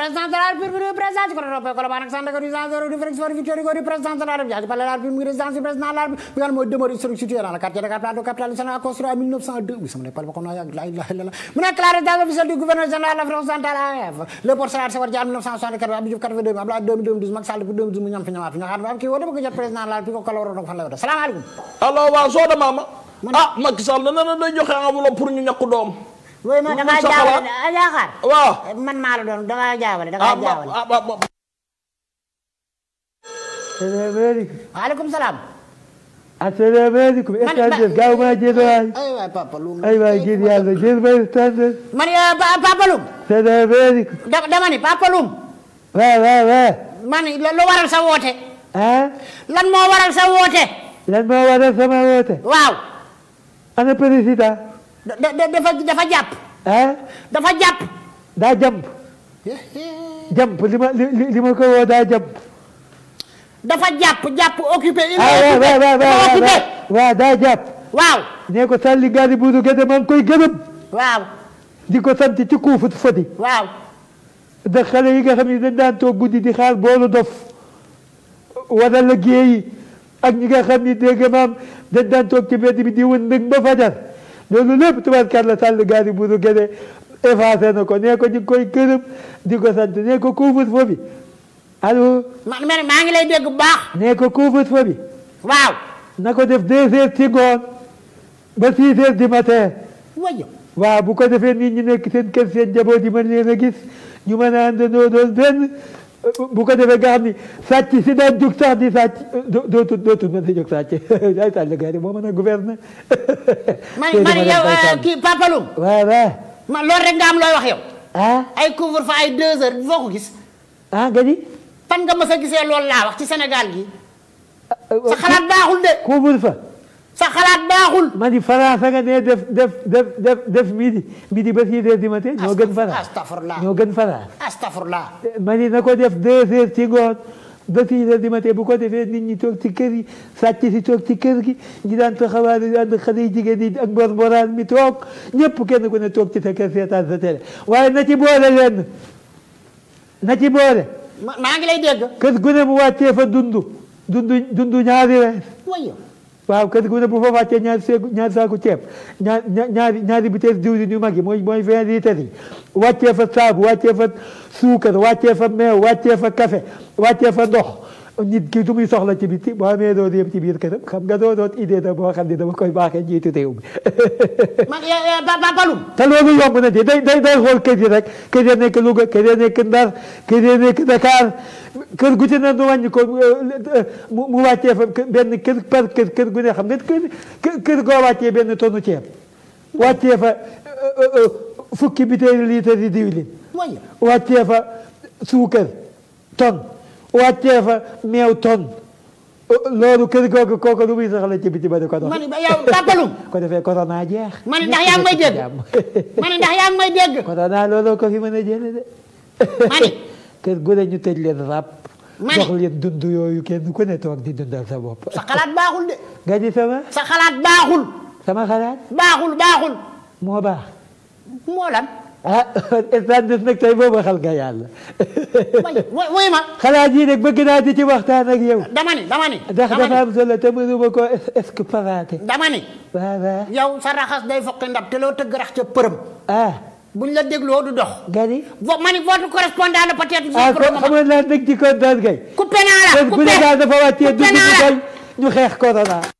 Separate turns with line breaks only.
président de la République du président ci côté Roppé Colobane ak Sandaga résidence zéro différence for victoire du président de la République jaajëfal la République muy résidence du président de la République bi nga xam mooy demeure historique situé dans le quartier de la capitale de capitale du Sénégal construit en 1902 oui sama ne pal ba ko naa yàgg la ilaha illallah mu nekk la résidence officielle du gouverneur général de la France centrale le port Sénégal Senghor Dia 1964 Abdou Diouf 82 Abdoulaye 2012 Macky Sall 2012 mu ñam fi ñamaat fi ñaxaat ba am kii woo dama ko jot président de la République ko kala waroon na ko fan la woote salaamaaleykum allo waa soo da maama ah Macky Sall nee na day joxe enveloppe pour ñu ñàkk doom wooy ma da ngaa jaawale gaaw maa
jël waay
waay jël yàlla jël
may standard man Papa Loum salaamaaleykum dama ni Papa Loum
waaw waral sa woote ah? lan moo waral sa woote
lan moo waral sama woote waaw ana président dafa dafa jàpp. jàpp. daa jàmp. jàmp li ma li ma ko woo daa jàmp.
dafa jàpp jàpp occupé. il ah, occupé
waaw daa jàpp. waaw. nee ko sàlli gaari buuru gëdëm maa koy gërëm. waaw. di ko sant ci kuufu foti. waaw. yi nga xam ne dañ daan toog guddi di xaar boolu dof wala liggéey yi ak ñi nga xam ne dégg maam dañ ci mbedd bi di wën ndëng ba fajar. loolu lépp tubaarkàlla Sall gaari bu nu gënee effacé na ko nee ko ñu ngi koy gërëm di ko sant nee ko couvre-feu bi allo. man maa ngi lay dégg bu baax. nee ko couvre-feu bi. waaw. na ko def deux heures ci ngoon ba six heures du matin. waaw bu ko defee nii ñi nekk seen kër seen njaboot yi mën leen a gis ñu mën a àndandoo doon benn. bu ko defee nga xam ni sàcc si daan jóg sax di sàcc dootul dootul mën si jóg sàcc ay sàcc gars yi moo mën a gouverner. man man yow eh,
kii Papa Loum. man loolu rek nga am looy wax yow. ay couvre fa ay deux heures foo ko gis. ah nga ni. fan nga mës a gisee loolu laa ci Sénégal gi.
Ah, ah, sa ah, xalaat baaxul de. couvre fa. sa xalaat baaxul. ma di France nga ne def def def mi def midi midi ba six heures du matin ñoo gën France. astafurla ñoo gën France. astafurla. ma di na ko def deux heures ci ngoon ba six di du matin bu ko defee nit ñi toog ci kër yi sàcc si toog ci kër gi ñi daan taxawaale yi ànd xale yi jigéen yi ak mbor mboraan mi toog ñëpp kenn ku ne toog ci sa kër seetaan sa télé waaye na ci boole lenn na ci boole. maa ngi lay dégg. kër gu ne mu wàccee fa dundu dundu dundu ñaari waaw kër gu ne bu fa wàccee ñaari seeku ñaari saaku ceeb ñaar ñaari ñaari butéel diwlin yu mag yi mooy mooy vingt litres yi wàccee fa saabu wàccee fa suukar wàccee fa meew wàccee fa café wàccee fa ndox nit ki du muy soxla ci biti boo mee doo dem ci biir ke xam nga doo doon da boo xam ne dama koy baaxee njiitu réew mi.
man Balum.
te loolu yomb na ci day day day xool ke yi rek ke ya nekk Louga kër ya nekk Ndar kër ya kër gu ci ne nu wàññi ko euh, euh, mu wàccee fa benn kër par kër kër gu ne xam nga kër go goo wàccee benn tonu ceeb wàccee fa euh, fukki bi bitéelu litre yi diwlin. wàccee fa suukar ton. wàccee fa meew ton loolu kër googu kooku lu muy saxal ci biti ba di ko dox. man yow tàppalum. ko defee corona jeex. man ndax yaa ngi may dégg. man ndax yaa ngi may dégg. corona looloo ko fi mën a jëlee de. mani. kër gu ne ñu tëj leen rap. mani dox leen dund yooyu kenn ku ne toog di dundal sa bopp. sa xalaat baaxul de. nga ji sama. sa xalaat baaxul. sama xalaat. baaxul baaxul. moo baax. moo lan. ah état des nag tey boo waxal nga yàlla. mooy mooy ma. xalaat yii nag bëgg naa di ci waxtaan ak yow.
dama ni dama ni. ndax dafa am
solo te mënuma ko est-ce que paraate. dama ni. waaw waaw.
yow sa raxas day fokki ndab te loo tëgg rax ca përëm. ah. buñ la dégloo du dox. gani. vo ma ni votre correspondant la peut-être. ah kon xamoon
naa dëgg ci kontaan kay. coupé naa la coupé dafa wàccee dugg ñu xeex corona.